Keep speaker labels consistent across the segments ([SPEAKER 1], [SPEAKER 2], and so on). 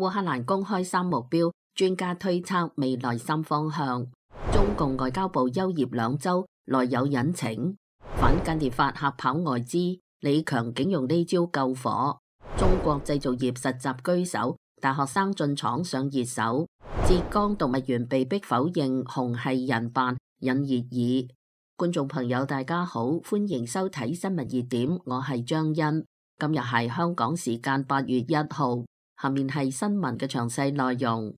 [SPEAKER 1] 烏克蘭公開三目標，專家推測未來三方向。中共外交部休業兩周，內有隱情。反間諜法嚇跑外資，李強竟用呢招救火。中國製造業實習居首，大學生進廠上熱搜。浙江動物園被逼迫否認熊係人扮引熱議。觀眾朋友，大家好，歡迎收睇新聞熱點，我係張恩。今日係香港時間八月一號。下面係新聞嘅詳細內容。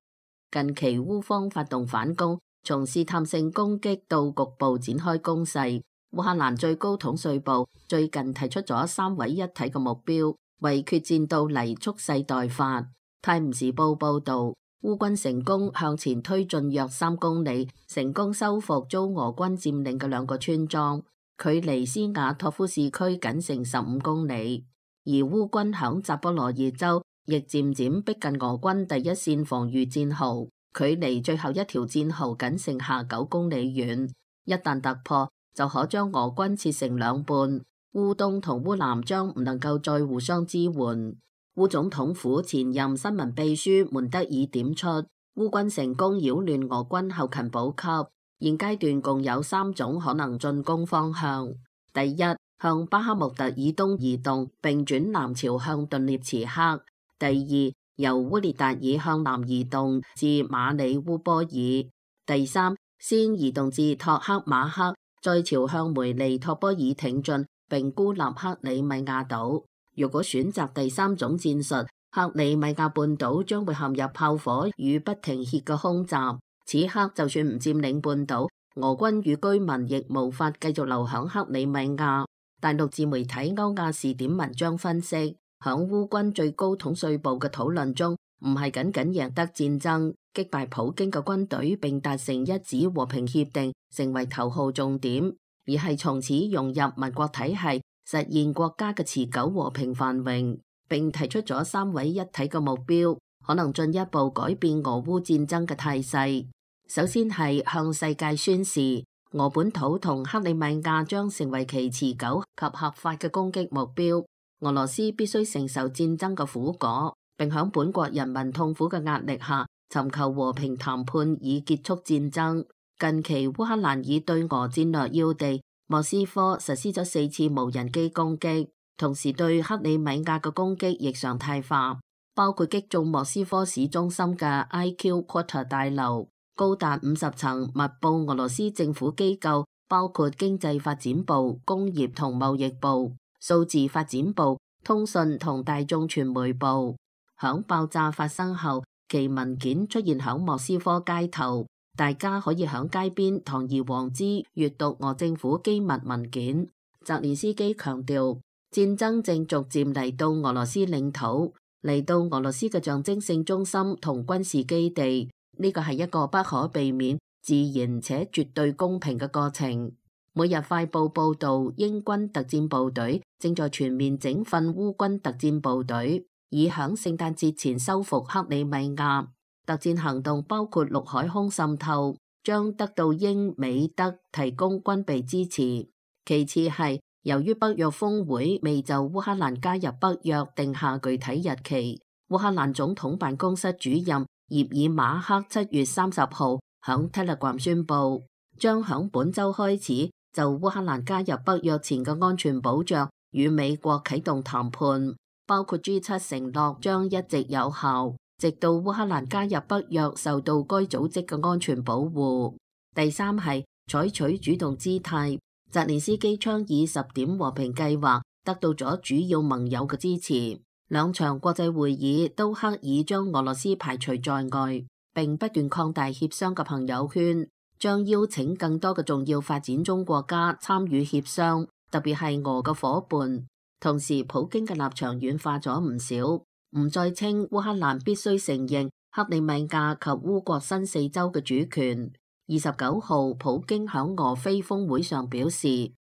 [SPEAKER 1] 近期烏方發動反攻，從試探性攻擊到局部展開攻勢。烏克蘭最高統帥部最近提出咗三位一體嘅目標，為決戰到黎蓄勢待發。泰晤士報報道，烏軍成功向前推進約三公里，成功收復遭俄軍佔領嘅兩個村莊，距離斯瓦托夫市區僅剩十五公里。而烏軍響扎波羅熱州。亦漸漸逼近俄軍第一線防禦戰壕，距離最後一條戰壕僅剩下九公里遠。一旦突破，就可將俄軍切成兩半，烏東同烏南將唔能夠再互相支援。烏總統府前任新聞秘書門德爾點出，烏軍成功擾亂俄軍後勤補給，現階段共有三種可能進攻方向：第一，向巴哈木特以東移動，並轉南朝向頓涅茨克。第二，由烏列達爾向南移動至馬里烏波爾；第三，先移動至托克馬克，再朝向梅利托波爾挺進，並孤立克里米亞島。如果選擇第三種戰術，克里米亞半島將會陷入炮火與不停歇嘅空襲。此刻，就算唔占領半島，俄軍與居民亦無法繼續留響克里米亞。大陸自媒體歐亞視點文章分析。響烏軍最高統帥部嘅討論中，唔係僅僅贏得戰爭、擊敗普京嘅軍隊並達成一紙和平協定成為頭號重點，而係從此融入民國體系、實現國家嘅持久和平繁榮，並提出咗三位一體嘅目標，可能進一步改變俄烏戰爭嘅態勢。首先係向世界宣示，俄本土同克里米亞將成為其持久及合法嘅攻擊目標。俄羅斯必須承受戰爭嘅苦果，並喺本國人民痛苦嘅壓力下，尋求和平談判以結束戰爭。近期，烏克蘭以對俄戰略要地莫斯科實施咗四次無人機攻擊，同時對克里米亞嘅攻擊亦常態化，包括擊中莫斯科市中心嘅 IQ Quarter 大樓，高達五十層，密佈俄羅斯政府機構，包括經濟發展部、工業同貿易部。數字發展部、通訊同大眾傳媒部響爆炸發生後，其文件出現響莫斯科街頭，大家可以響街邊堂而皇之閱讀俄政府機密文件。澤連斯基強調，戰爭正逐漸嚟到俄羅斯領土，嚟到俄羅斯嘅象徵性中心同軍事基地，呢個係一個不可避免、自然且絕對公平嘅過程。每日快報報道，英軍特戰部隊正在全面整訓烏軍特戰部隊，以響聖誕節前收復克里米亞。特戰行動包括陸海空滲透，將得到英美德提供軍備支持。其次係，由於北約峰會未就烏克蘭加入北約定下具體日期，烏克蘭總統辦公室主任葉爾馬克七月三十號響 Telegram 宣布，將響本周開始。就烏克蘭加入北約前嘅安全保障，與美國啟動談判，包括 G 七承諾將一直有效，直到烏克蘭加入北約受到該組織嘅安全保護。第三係採取主動姿態，澤連斯基倡議十點和平計劃，得到咗主要盟友嘅支持。兩場國際會議都刻意將俄羅斯排除在外，並不斷擴大協商嘅朋友圈，將邀請更多嘅重要發展中國家參與協商，特別係俄嘅夥伴。同時，普京嘅立場軟化咗唔少，唔再稱烏克蘭必須承認克里米亞及烏國新四州嘅主權。二十九號，普京響俄非峰會上表示，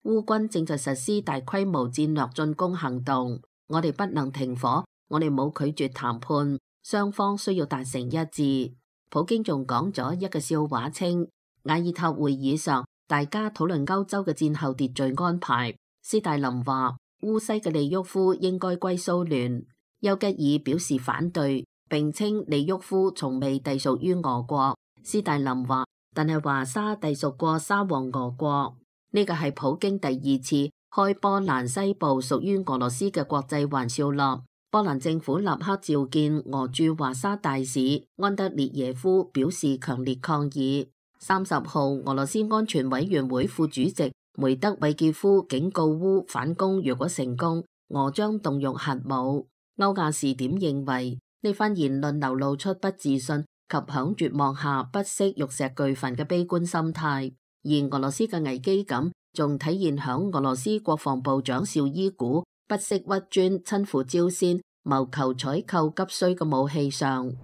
[SPEAKER 1] 烏軍正在實施大規模戰略進攻行動，我哋不能停火，我哋冇拒絕談判，雙方需要達成一致。普京仲講咗一個笑話，稱。雅爾塔會議上，大家討論歐洲嘅戰後秩序安排。斯大林話烏西嘅利沃夫應該歸蘇聯，丘吉爾表示反對，並稱利沃夫從未隸屬於俄國。斯大林話，但係華沙隸屬過沙皇俄國。呢個係普京第二次開波蘭西部屬於俄羅斯嘅國際玩笑了。波蘭政府立刻召見俄駐華沙大使安德烈耶夫，表示強烈抗議。三十號，俄羅斯安全委員會副主席梅德韋傑夫警告烏反攻若果成功，俄將動用核武。歐亞視點認為呢番言論流露出不自信及響絕望下不惜玉石俱焚嘅悲觀心態，而俄羅斯嘅危機感仲體現響俄羅斯國防部長紹伊古不惜屈尊親赴朝鮮謀求採購急需嘅武器上。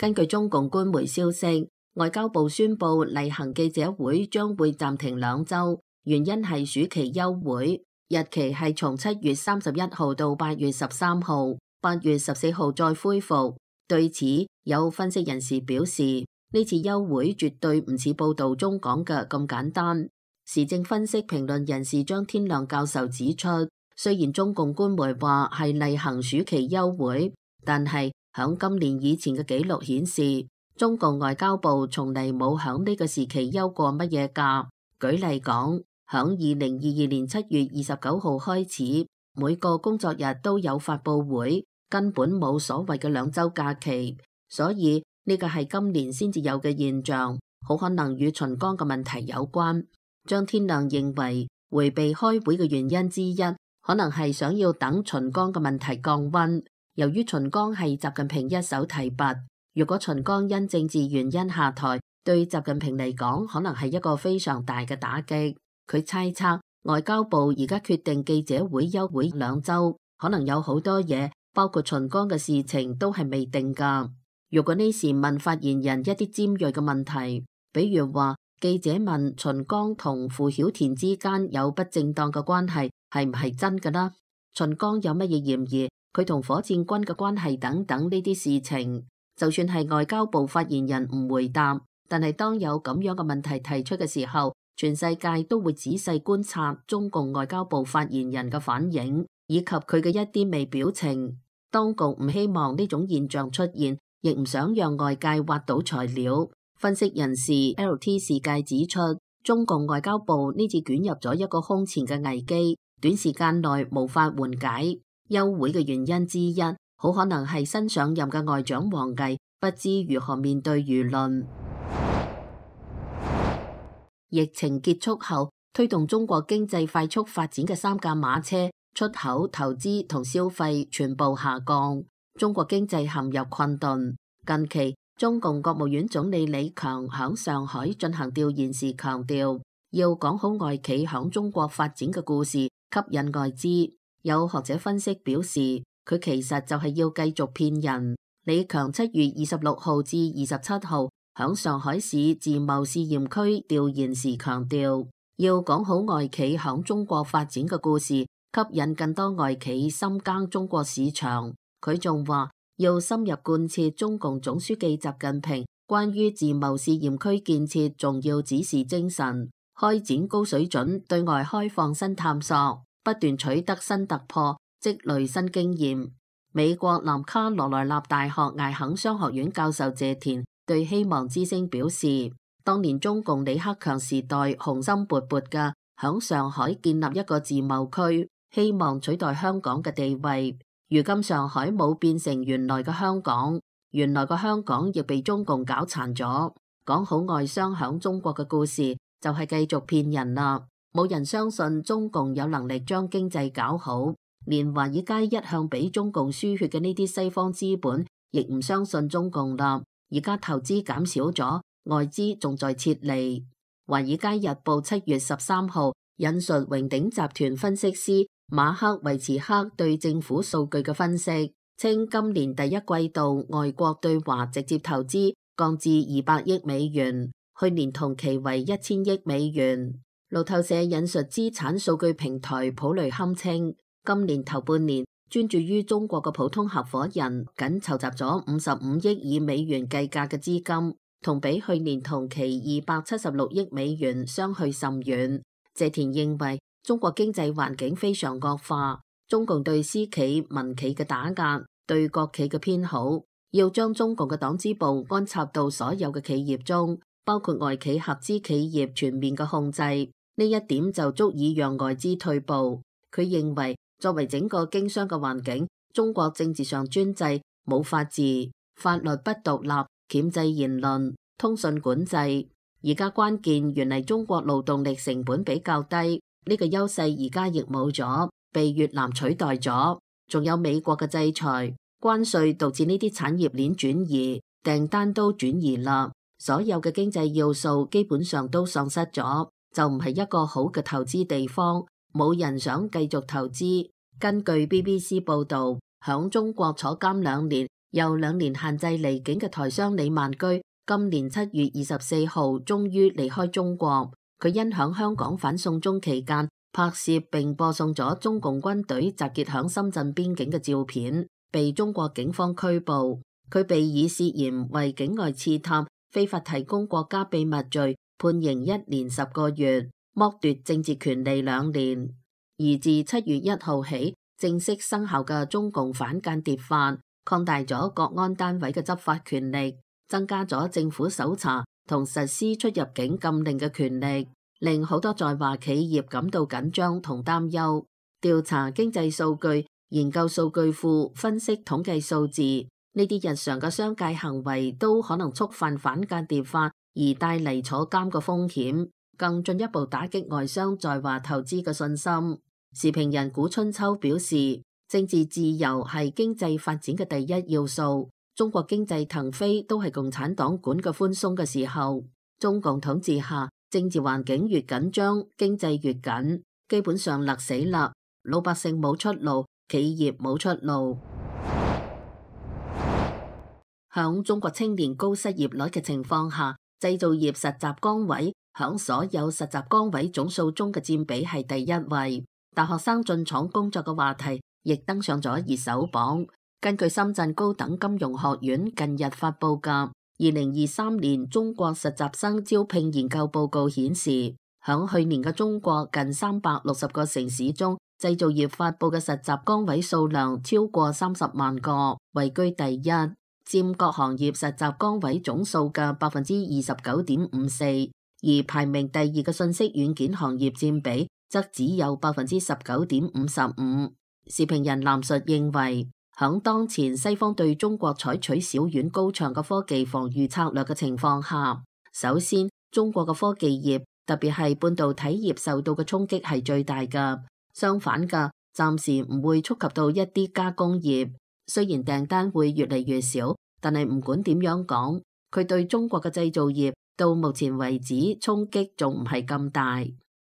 [SPEAKER 1] 根據中共官媒消息，外交部宣布例行記者會將會暫停兩周，原因係暑期休會，日期係從七月三十一號到八月十三號，八月十四號再恢復。對此，有分析人士表示，呢次休會絕對唔似報道中講嘅咁簡單。時政分析評論人士張天亮教授指出，雖然中共官媒話係例行暑期休會，但係。響今年以前嘅記錄顯示，中國外交部從嚟，冇響呢個時期休過乜嘢假。舉例講，響二零二二年七月二十九號開始，每個工作日都有發布會，根本冇所謂嘅兩周假期。所以呢個係今年先至有嘅現象，好可能與秦剛嘅問題有關。張天亮認為，回避開會嘅原因之一，可能係想要等秦剛嘅問題降溫。由於秦剛係習近平一手提拔，如果秦剛因政治原因下台，對習近平嚟講可能係一個非常大嘅打擊。佢猜測外交部而家決定記者會休會兩周，可能有好多嘢，包括秦剛嘅事情都係未定噶。如果呢時問發言人一啲尖銳嘅問題，比如話記者問秦剛同傅曉田之間有不正當嘅關係，係唔係真噶啦？秦剛有乜嘢嫌疑？佢同火箭軍嘅關係等等呢啲事情，就算係外交部發言人唔回答，但係當有咁樣嘅問題提出嘅時候，全世界都會仔細觀察中共外交部發言人嘅反應以及佢嘅一啲微表情。當局唔希望呢種現象出現，亦唔想讓外界挖到材料。分析人士 L.T. 世界指出，中共外交部呢次捲入咗一個空前嘅危機，短時間內無法緩解。休會嘅原因之一，好可能係新上任嘅外長王毅不知如何面對輿論。 疫情結束後，推動中國經濟快速發展嘅三駕馬車出口、投資同消費全部下降，中國經濟陷入困頓。近期，中共國務院總理李強響上海進行調研時強調，要講好外企響中國發展嘅故事，吸引外資。有學者分析表示，佢其實就係要繼續騙人。李強七月二十六號至二十七號響上海市自貿試驗區調研時強調，要講好外企響中國發展嘅故事，吸引更多外企深耕中國市場。佢仲話要深入貫徹中共總書記習近平關於自貿試驗區建設重要指示精神，開展高水準對外開放新探索，不斷取得新突破，積累新經驗。美國南卡羅來納大學艾肯商學院教授謝田對《希望之聲》表示：當年中共李克強時代雄心勃勃嘅，響上海建立一個自貿區，希望取代香港嘅地位。如今上海冇變成原來嘅香港，原來嘅香港亦被中共搞殘咗。講好外商響中國嘅故事，就係繼續騙人啦。冇人相信中共有能力將經濟搞好，連華爾街一向俾中共輸血嘅呢啲西方資本亦唔相信中共啦。而家投資減少咗，外資仲在撤離。華爾街日報七月十三號引述榮鼎集團分析師馬克維持克對政府數據嘅分析，稱今年第一季度外國對華直接投資降至二百億美元，去年同期為一千億美元。路透社引述資產數據平台普雷堪稱，今年頭半年專注於中國嘅普通合夥人僅籌集咗五十五億以美元計價嘅資金，同比去年同期二百七十六億美元相去甚遠。謝田認為，中國經濟環境非常惡化，中共對私企、民企嘅打壓，對國企嘅偏好，要將中共嘅黨支部安插到所有嘅企業中，包括外企合資企業全面嘅控制。呢一點就足以讓外資退步。佢認為，作為整個經商嘅環境，中國政治上專制，冇法治，法律不獨立，鉗制言論，通訊管制。而家關鍵原嚟中國勞動力成本比較低，呢個優勢而家亦冇咗，被越南取代咗。仲有美國嘅制裁、關稅，導致呢啲產業鏈轉移，訂單都轉移啦，所有嘅經濟要素基本上都喪失咗。就唔係一個好嘅投資地方，冇人想繼續投資。根據 BBC 報道，響中國坐監兩年又兩年限制離境嘅台商李萬居，今年七月二十四號終於離開中國。佢因響香港反送中期間拍攝並播送咗中共軍隊集結響深圳邊境嘅照片，被中國警方拘捕。佢被以涉嫌為境外刺探、非法提供國家秘密罪。判刑一年十個月，剝奪政治權利兩年，而自七月一號起正式生效嘅中共反間諜法，擴大咗國安單位嘅執法權力，增加咗政府搜查同實施出入境禁令嘅權力，令好多在華企業感到緊張同擔憂。調查經濟數據、研究數據庫、分析統計數字，呢啲日常嘅商界行為都可能觸犯反間諜法。而帶嚟坐監嘅風險，更進一步打擊外商在華投資嘅信心。時評人古春秋表示，政治自由係經濟發展嘅第一要素。中國經濟騰飛都係共產黨管嘅寬鬆嘅時候，中共統治下政治環境越緊張，經濟越緊，基本上勒死勒，老百姓冇出路，企業冇出路。響中國青年高失業率嘅情況下。製造業實習崗位響所有實習崗位總數中嘅佔比係第一位，大學生進廠工作嘅話題亦登上咗熱搜榜。根據深圳高等金融學院近日發布嘅《二零二三年中國實習生招聘研究報告》顯示，響去年嘅中國近三百六十個城市中，製造業發布嘅實習崗位數量超過三十萬個，位居第一。佔各行業實習崗位總數嘅百分之二十九點五四，而排名第二嘅信息軟件行業佔比則只有百分之十九點五十五。時評人藍述認為，響當前西方對中國採取小院高牆嘅科技防禦策略嘅情況下，首先中國嘅科技業，特別係半導體業受到嘅衝擊係最大嘅。相反嘅，暫時唔會觸及到一啲加工業。雖然訂單會越嚟越少，但係唔管點樣講，佢對中國嘅製造業到目前為止衝擊仲唔係咁大。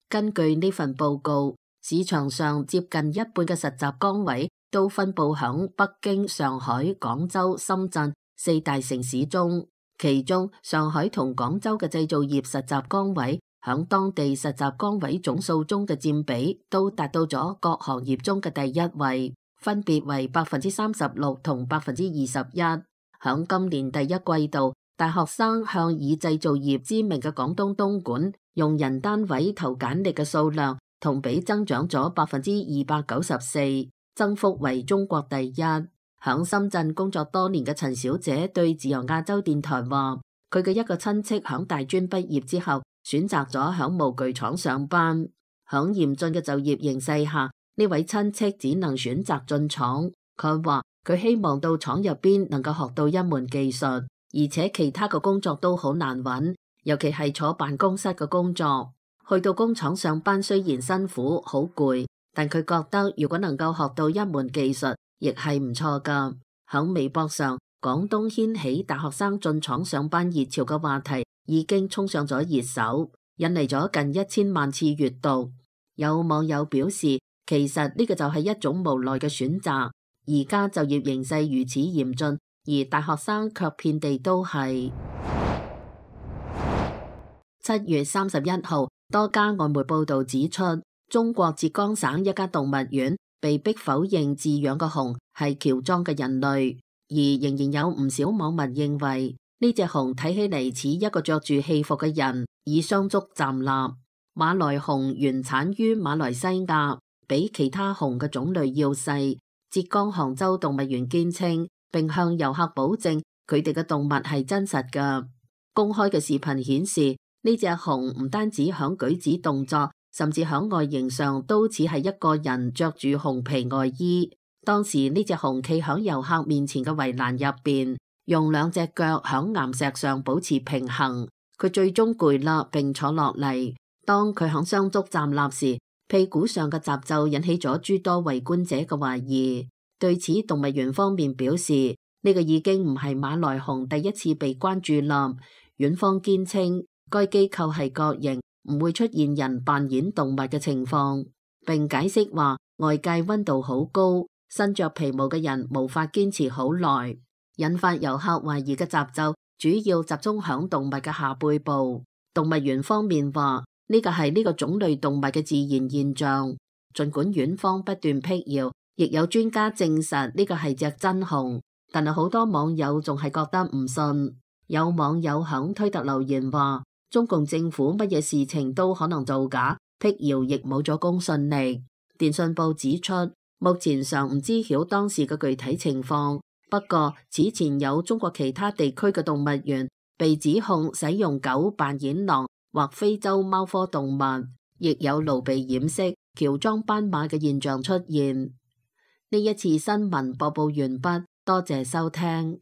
[SPEAKER 1] 根據呢份報告，市場上接近一半嘅實習崗位都分佈響北京、上海、廣州、深圳四大城市中，其中上海同廣州嘅製造業實習崗位響當地實習崗位總數中嘅佔比都達到咗各行業中嘅第一位。分別為百分之三十六同百分之二十一。響今年第一季度，大學生向以製造業知名嘅廣東東莞用人單位投簡歷嘅數量同比增長咗百分之二百九十四，增幅為中國第一。響深圳工作多年嘅陳小姐對自由亞洲電台話，佢嘅一個親戚響大專畢業之後選擇咗響模具廠上班。響嚴峻嘅就業形勢下，呢位親戚只能選擇進廠。佢話佢希望到廠入邊能夠學到一門技術，而且其他嘅工作都好難揾，尤其係坐辦公室嘅工作。去到工廠上班雖然辛苦好攰，但佢覺得如果能夠學到一門技術，亦係唔錯噶。喺微博上，廣東掀起大學生進廠上班熱潮嘅話題已經衝上咗熱搜，引嚟咗近一千萬次閱讀。有網友表示。其實呢個就係一種無奈嘅選擇。而家就業形勢如此嚴峻，而大學生卻遍地都係。七月三十一號，多家外媒報道指出，中國浙江省一家動物園被逼否認飼養嘅熊係喬裝嘅人類，而仍然有唔少網民認為，呢隻熊睇起嚟似一個着住戲服嘅人，以雙足站立。馬來熊原產於馬來西亞。比其他熊嘅種類要細，浙江杭州動物園堅稱，並向遊客保證佢哋嘅動物係真實嘅。公開嘅視頻顯示，呢隻熊唔單止響舉止動作，甚至響外形上都似係一個人着住熊皮外衣。當時呢隻熊企響遊客面前嘅圍欄入邊，用兩隻腳響岩石上保持平衡。佢最終攰啦，並坐落嚟。當佢響雙足站立時，屁股上嘅褶皺引起咗諸多圍觀者嘅懷疑，對此動物園方面表示呢、這個已經唔係馬來熊第一次被關注啦。院方堅稱該機構係國營，唔會出現人扮演動物嘅情況，並解釋話外界溫度好高，身着皮毛嘅人無法堅持好耐。引發遊客懷疑嘅褶皺主要集中響動物嘅下背部。動物園方面話。呢個係呢個種類動物嘅自然現象，盡管院方不斷辟謠，亦有專家證實呢個係隻真熊，但係好多網友仲係覺得唔信。有網友喺推特留言話，中共政府乜嘢事情都可能造假，辟謠亦冇咗公信力。電訊報指出，目前尚唔知曉當時嘅具體情況，不過此前有中國其他地區嘅動物園被指控使用狗扮演狼。或非洲貓科動物亦有露被掩飾、喬裝斑馬嘅現象出現。呢一次新聞播報完畢，多謝收聽。